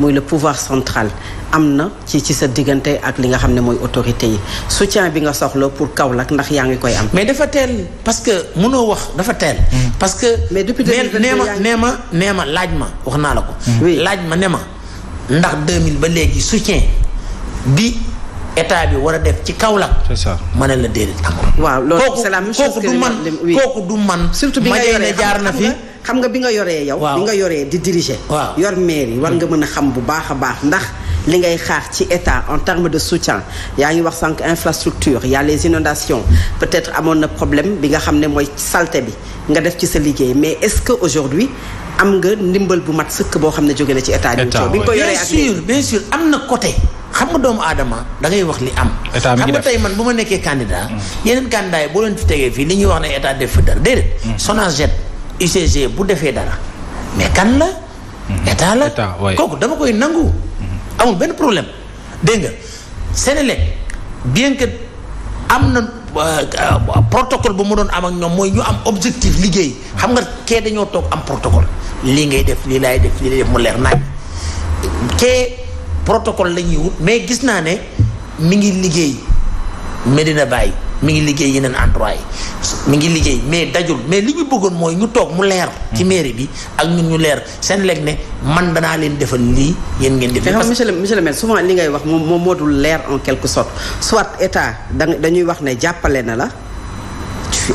le pouvoir central amna ci ci sa diganté ak li autorité soutien bi nga soxlo pour Kaolack ndax ya ngi koy am. mais dafa tel parce que wax dafa mm. parce que. mais depuis ma Néma, néma, wax ko. Mm. ndax 2000 ba légui soutien bi. état bi wara def ci Kaolack. c'est ça la c'est la mission que du na xam nga bi nga yoree yow bi nga yoree di diriger yor maire yi war nga mën a xam bu baax a baax ndax li ngay xaar ci état en terme de soutien yaa ngi wax sànq infrastructure y a les inondations peut-être amoon na problème bi nga xam ne mooy salte bi nga def ci sa liggéey mais est-ce que aujourd'hui am nga ndimbal bu mat sëkk boo xam ne jóge na ci état bi nga ko yoree bien sûr bien sûr am na côté xam nga doomu aadama da ngay wax li am xam nga tey man bu ma nekkee candidat hmm. yeneen candidat yi boo leen fi tegee fii li ñuy wax ne état def fi dara déedéet hmm. SONAGED UCG bu defee dara mais kan la. Mhm. état la kooku dama koy nangu. Mhm. amul benn problème dégg nga Sénélec bien que am na euh, protocole bu mu doon am ak ñoom mooy ñu am objectif liggéey xam nga kee dañoo toog am protocole lii ngay def lii laay def lii lay def mu leer naaj kee protocole la ñuy wut mais gis naa ne mi ngi liggéey Medina bàyyi mi ngi liggéey yeneen endroit yi mi ngi liggéey mais dajul mais li ñu bëggoon mooy ñu toog mu leer. ci hmm. mairie bi ak ñun ñu leer seen leeg ne man danaa leen defal lii yéen ngeen. defal parce que monsieur le monsieur souvent li ngay wax moom moom moo dul leer en quelque sorte soit état dañuy wax ne jàppale na la.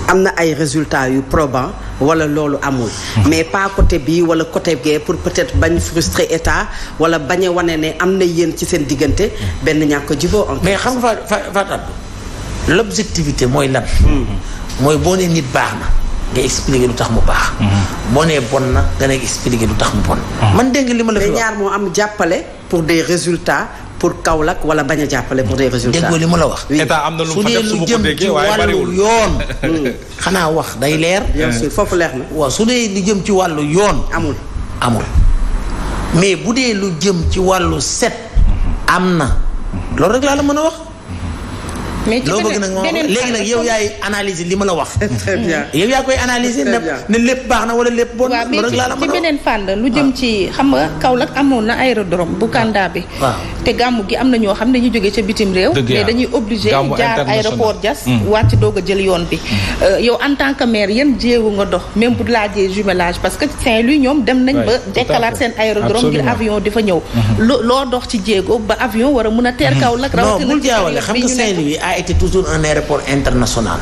am na ay résultat yu probants wala loolu amul. Hmm. mais pas côté bii wala côté gee pour peut-être bañ frustrer état wala bañ a wane ne am na yéen ci seen diggante hmm. benn ñàkk jiboo mais xam nga fa l'objectivité moy lan. moy boné nit baax na nga expliquer lu mu baax. boné bon na nga ne expliquer mu bon. man déng la ñaar am pour des résultats. pour kaolak wala baña a pour des résultats Je lima la wax. état am lu fa def su bu ko bari wul hmm. bien sûr na. wa su jëm ci walu yoon. amul amul. mais boudé lu jëm ci walu set. amna. lool rek la la wax. mais loo bëgg nag moom léegi nag yow yaay analyser li ma la wax. très bien yow lépp baax na wala lépp bon. waaw mais ci beneen fànn lu jëm ah. ci xam nga Kaolack amoon na aérodrome bu Kanda bi. Ah. Ah. te gàmmu gi am na ñoo xam ne dañuy jógee ca bitim réew. mais dañuy obligé jaar aéroport Diass. Hmm. wàcc doog a jël yoon bi. Hmm. Euh, yow en tant que maire yan jéegu nga dox même bu laajee jumelage parce que Saint-Louis ñoom dem nañ ba. dekkalaat seen aérodrome ngir avion dafa fa ñëw. Hmm. loo dox ci jéego ba avion war a mun a teer Kaolack rawatina a toujours un aéroport international.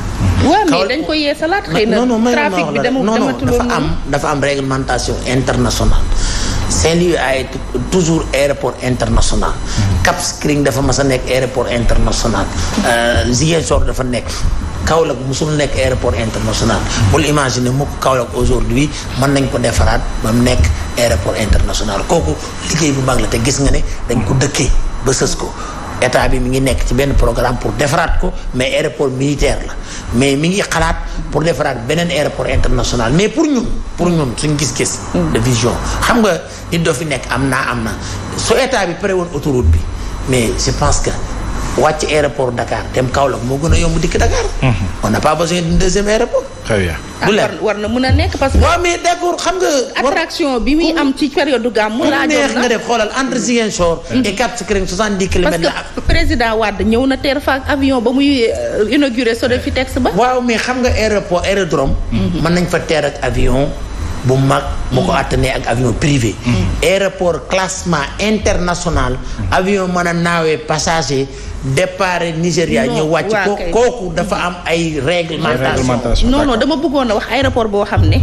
waaw dañ ko yeesalaat xëy na trafic bi demul dematul woon non non am dafa am réglementation internationale. Saint-Louis a toujours aéroport international. Hmm. Cap Skirring dafa mas a nekk aéroport international. Euh, Ziguinchor dafa nekk. Kaolack musul nekk aéroport international bul imaginer mukk Kaolack aujourd'hui mën nañ ko defaraat ba mu nekk aéroport international kooku liggéey bu mag la te gis nga ne dañ ko dëkkee ba sës ko état bi mi ngi nekk ci benn programme pour defaraat ko mais aéroport militaire la mais mi ngi xalaat pour defaraat beneen aéroport international mais pour ñun pour ñun suñ gis-gis. Mm. de vision xam nga nit doo fi nekk am naa am na su état bi pare woon autoroute bi mais je pense que wàcc aéroport Dakar dem Kaolack moo gën a yomb dikk Dakar. Mm-hmm. on n'a pas besoin deuxième aéroport. très ah, bu leer war na mën a nekk parce que. waaw mais d' accord xam nga. attraction bi muy am ci période gàmmu. laa neex nga def xoolal entre Ziguinchor. Mm-hmm. et Cap Skirring 70 kilomètres la parce que président Wade ñëw na teer fa ak avion ba muy euh, inauguré Sodefitex ba. waaw mais xam nga aéroport aérodrome. Mm-hmm. mën nañ fa teer ak avion. bu mag bu ko attanee ak avion privé mm. aéroport classement international mm. avion mën nawe passager départ Nigeria ñu wacc ko koku dafa am ay réglementation non non dama bëggoon wax aéroport bo xamné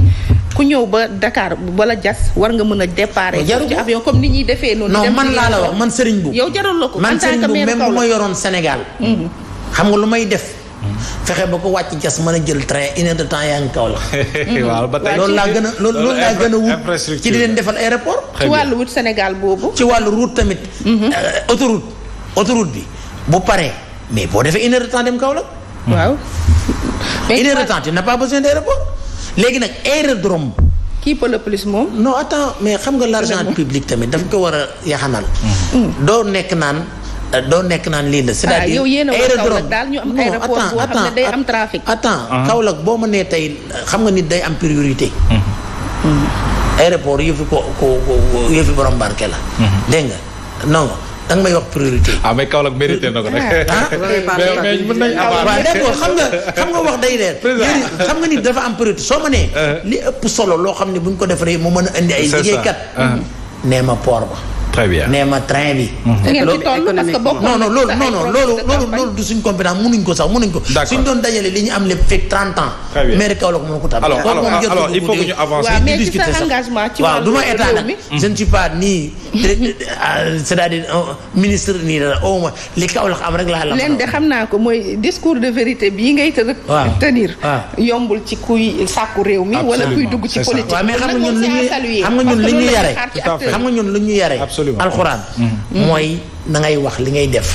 ku ñëw ba Dakar wala jass war nga mën départ ci avion comme ni ñi défé noonu non man la la wax man Serigne Mboup yow jarul lako man Serigne Mboup même bu ma yoroon Sénégal mm. xam nga lu may def fexe ba ko wàcc jas mën a jël train une de temps yaa ngi kaw la. waaw ba tey loolu laa gën a loolu laa gën wut ci di leen defal aéroport. ci wàllu wut Sénégal boobu. ci wàllu route tamit. Mhm. Euh, autoroute autoroute bi bu pare mais boo defee une heure de temps dem kaw la. Mhm. waaw. une heure de léegi nag aérodrome. kii peut le plus moom. non attends mais xam nga l'argent public tamit daf ko war a yaxanal. Mhm. doo nekk naan. Euh, doo nekk naan lii la. Ah, c'est-à-dire aérodrome daal ñu am aéroport boo xam ah. boo ma nee tey xam nga nit day am priorité. Mm-hmm. Mm-hmm. aéroport yëfi la. Mm-hmm. dégg nga non danga may wax priorité. Ah, nga xam nga wax day leer. xam nga nit dafa am priorité soo ma nee. Euh. li ëpp solo loo xam ne bu ko defaree mu mën a indi ay liggéeykat. Euh. nee ma port ba. nee ma train bi. loolu non non loolu non non loolu loolu loolu du suñ compétence mënuñ ko sax mënuñ ko. suñ doon dajale li ñu am lépp fekk 30 ans. très bien maire Kaolack mënu ko tabax. alors mooy discours de vérité bii ngay të. yombul ci kuy sàkku réew mi. wala kuy dugg ci politique. mais xam nga ñun li ñuy xam xam nga ñun li ñuy yare. alxuraan mooy na ngay wax li ngay def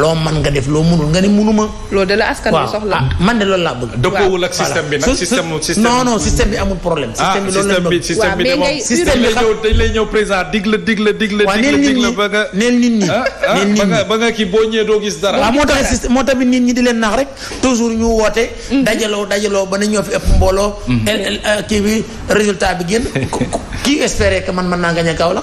loo man nga def loo mënul nga ne mënuma loo de la askan bi soxla ah, man de loolu la bëgg dëppoowul ak système bi nag système non non système bi amul problème ah, système bi loolu la système bi système bi dañ lay ñëw président dig la dig la dig la dig nit ñi neel nit ñi ba nga kii boo ñëwee doo gis dara waaw moo tax système moo tamit nit ñi di leen nax rek toujours ñu woote mhm. dajaloo dajaloo ba na ñoo fi ëpp mbooloo mhm. euh, kii bi résultat bi génn kii espérer que man mën naa gagné la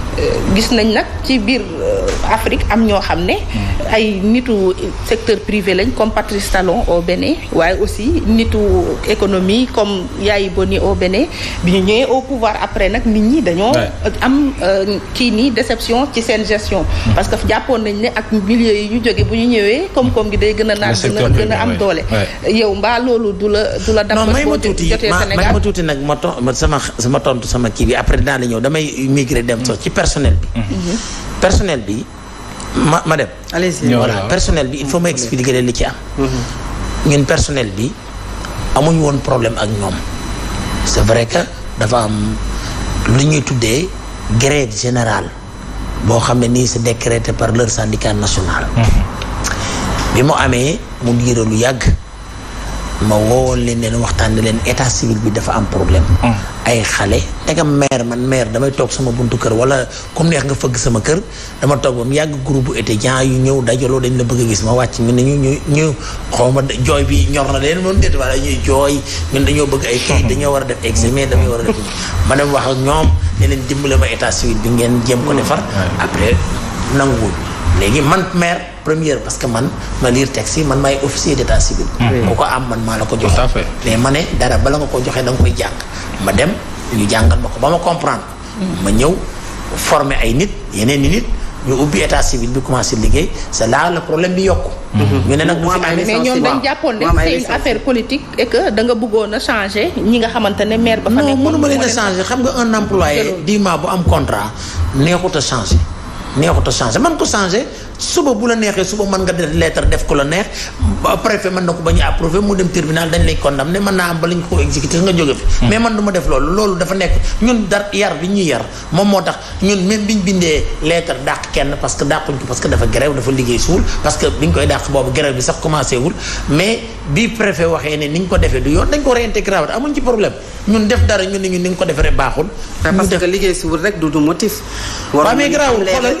gis nañ nag ci biir Euh, Afrique am ñoo xam ay secteur privé comme Patrice Talon au Bénin waaye aussi nitu économie comme Yayi Boni au Bénin bi ñu au pouvoir après nag nit ñi dañoo am euh, kii nii déception ci seen gestion parce que jàppoon nañ ne ak milieu yi ñu jóge bu ñu ñëwee comme comme gi day gën a naat a am doole yow mbaa du la du la may ma tuuti ma ma tontu sama kii après dinaa la ñëw damay migré dem ci personnel mhm. personnel bi ma ma dem. allez-y voilà personnel bi il faut ma expliquer leen li ci am. Mhm. ñun personnel bi amuñ woon problème ak ñoom c'est vrai que dafa am lu ñuy tuddee grève général boo xam ne nii c'est décrété par leur syndicat national. Mhm. bi mu amee mu diire lu yàgg. ma woo leen leen waxtaan ne leen état civil bi dafa am problème. Hmm. ay xale tegam maire man maire damay toog sama buntu kër wala comme neex nga fëgg sama kër dama toog ba mu yàgg groupe étudiant yu ñëw dajaloo dañ la bëgg a gis ma wàcc ñun dañu ñu ñu xaw ma jooy bi ñor na leen moom déet wala ñuy jooy ñun dañoo bëgg ay kayit hmm. dañoo war a def examen damay war a def ma dem wax ak ñoom ne leen dimbale ma état civil bi ngeen jéem ko defar. Hmm. après nanguwul léegi man maire. première parce que man ma lire teg si man maay officier d'état civil. Mm-hmm. ku ko am man maa la ko joxe. mais ma ne dara bala nga ko joxe da koy jàng. ma dem ñu jàngal ma ko ba ma comprendre. Mm-hmm. ma ñëw former ay nit yeneen i nit. ñu ubbi état civil bi commencé liggéey c'est là le problème bi yokk mm-hmm. ñu ne nag mu am ay mais ñoom dañ jàppoon ne c'est une affaire politique et que da a changer ñi nga xamante ne maire ba fa nekk. non mënuma leen a changer xam nga un employé dix mois bu am contrat neexut a changer. neexut a changé man ko changé suba bu la neexee suba mën nga def lettre def ko la neex préfet mën na ko bañ a approuvé mu dem tribunal dañ lay condamné mën naa am ba lañ ko exécuté hmm. man du bi ñuy yar moom moo tax ñun même biñ parce que dafa grève dafa liggéey suul parce que biñ koy dàq boobu grève bi sax commencé wul yoon dañ ko réintégré waat amuñ ci problème ñun def dara ñun ni ñu ni ñu ko defee baaxul parce que liggéey suul rek du du motif waaw mais garaawul xoolal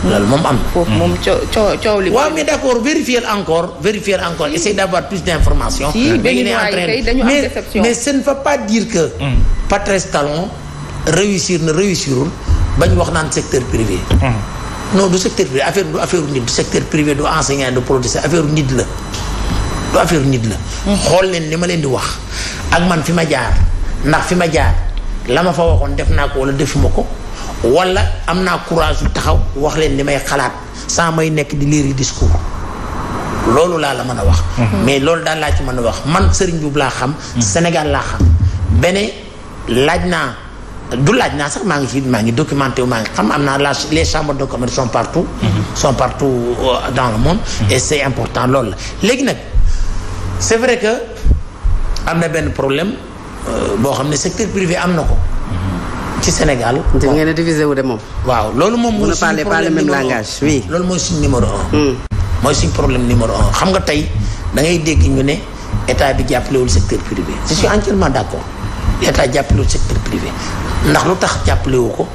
loolu moom am foofu hmm. li vérifier encore vérifier encore essayer d'avoir plus d'informations. Mais, mais ce ne veut pas dire que hmm. Patrice Talon réussir ne réussir pas wax le secteur privé hmm. non du secteur privé affaire du affaire du secteur privé de enseignant de producteur affaire nit la du affaire nit la xool leen li ma leen di wax ak man fi ma jaar ndax fi ma jaar fa def wala wala amna courage taxaw wax len li may xalaat sans may nek di lire discours lolou la la meuna wax. Mhm. mais lolou daal la ci meuna wax man Serigne Mboup xam. Mhm. Sénégal la xam bene lajna du lajna sax maa ngi fi maa ngi documenté wu ngi xam amna les chambres de commerce sont partout. Mhm. sont partout euh, dans le monde. et c'est important loolu la c'est c'est vrai que amna ben problème euh, bo xamné secteur privé amna ko ci Sénégal. da ngeen divisé wu de waaw problème numéro un oui. loolu numéro un. Hmm. problème numéro un xam nga tey da ngay ñu état bi secteur privé je suis entièrement d' accord état le secteur privé ndax lu tax ko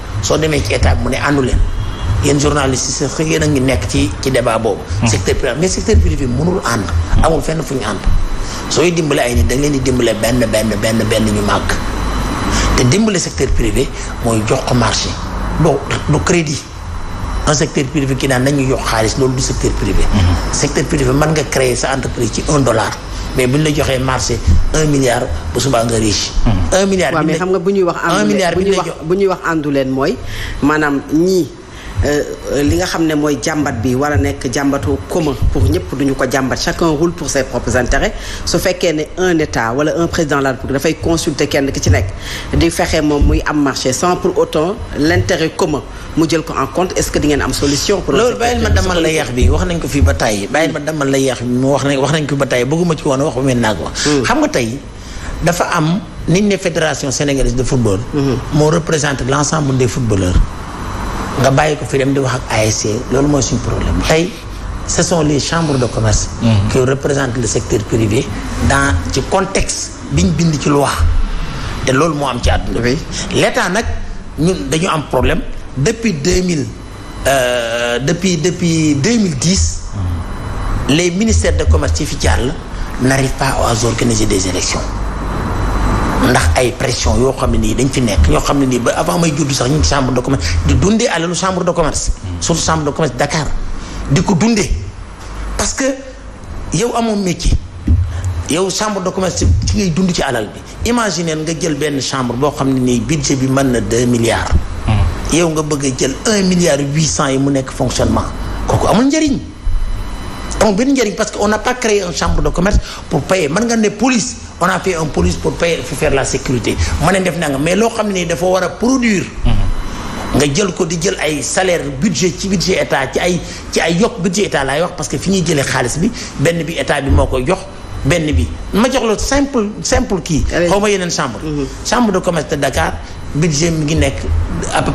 ci état mu ne journalistes ngi ci ci débat hmm. secteur privé mais secteur privé amul fenn fu ñu ay da ñu te dimbale secteur privé mooy jox ko marché doo du crédit un secteur privé ki naan nañu yox xaalis loolu du secteur privé mhm. secteur privé mën nga créer sa entreprise ci un dollar mais bu ñu la joxee marché un milliard bu subaa nga riche. Mhm. un milliard bi mais xam nga bu ñuy wax. un milliard bi bu ñuy bu ñuy wax àndu leen mooy maanaam ñii. Euh, li nga xam ne mooy jàmbat bi war a nekk jàmbatu commun pour ñëpp duñu ko jàmbat chacun roule pour ses propres intérêts su fekkee ne un état wala un président de la République dafay consulter kenn ki ci nekk di fexe moom muy am marché sans pour autant l'intérêt commun mu jël ko en compte est-ce que di ngeen am solution. pour loolu bàyyil ma damal la yeex bi wax nañ ko fii ba tàyyi bàyyil ma damal la yeex bi wax nañ wax nañ ko ba tàyyi bëgguma ci woon wax ba mel hmm. xam nga tey dafa am niñ ne fédération sénégalaise de football. Hmm. moo représente l'ensemble des footballeurs nga bayiko fi dem di wax ak ASC loolu mooy suñu problème tey ce sont les chambres de commerce mm-hmm. qui représentent le secteur privé dans ci contexte biñ bind ci loi te loolu Mo am ci àdduna oui l'état nak ñun dañu am problème depuis 2000 euh, depuis depuis 2010 mm-hmm. les ministères de commerce ci fi la n'arrivent pas à organiser des élections ndax ay pression yoo xam ne nii dañ ci nekk ñoo xam ne nii ba avant may juddu sax ñu ngi chambre de commerce di dundee alalu chambre de commerce. surtout chambre de commerce Dakar di ko dundee parce que yow amoon métier yow chambre de commerce ci ngay dund ci alal bi imaginer nga jël benn chambre boo xam ne nii budget bi mën na deux milliards. Hmm. yow nga bëgg a jël un milliard huit cent yi mu nekk fonctionnement kooku amul njëriñ. amul benn njëriñ parce que on n'a pas créé une chambre de commerce pour payer mën nga ne police on a fait un police pour payer pour faire la sécurité mën nañ def nanga mais loo xam ne dafa war produire. nga jël ko di jël ay salaire budget ci budget état ci ay ci ay yokk budget état laay wax parce que fini ñuy jëlee xaalis bi benn bi état bi moko koy jox benn bi ma jox lo simple simple ki xawma yenen chambre. Mhm. chambre de commerce de Dakar budget mi ngi nek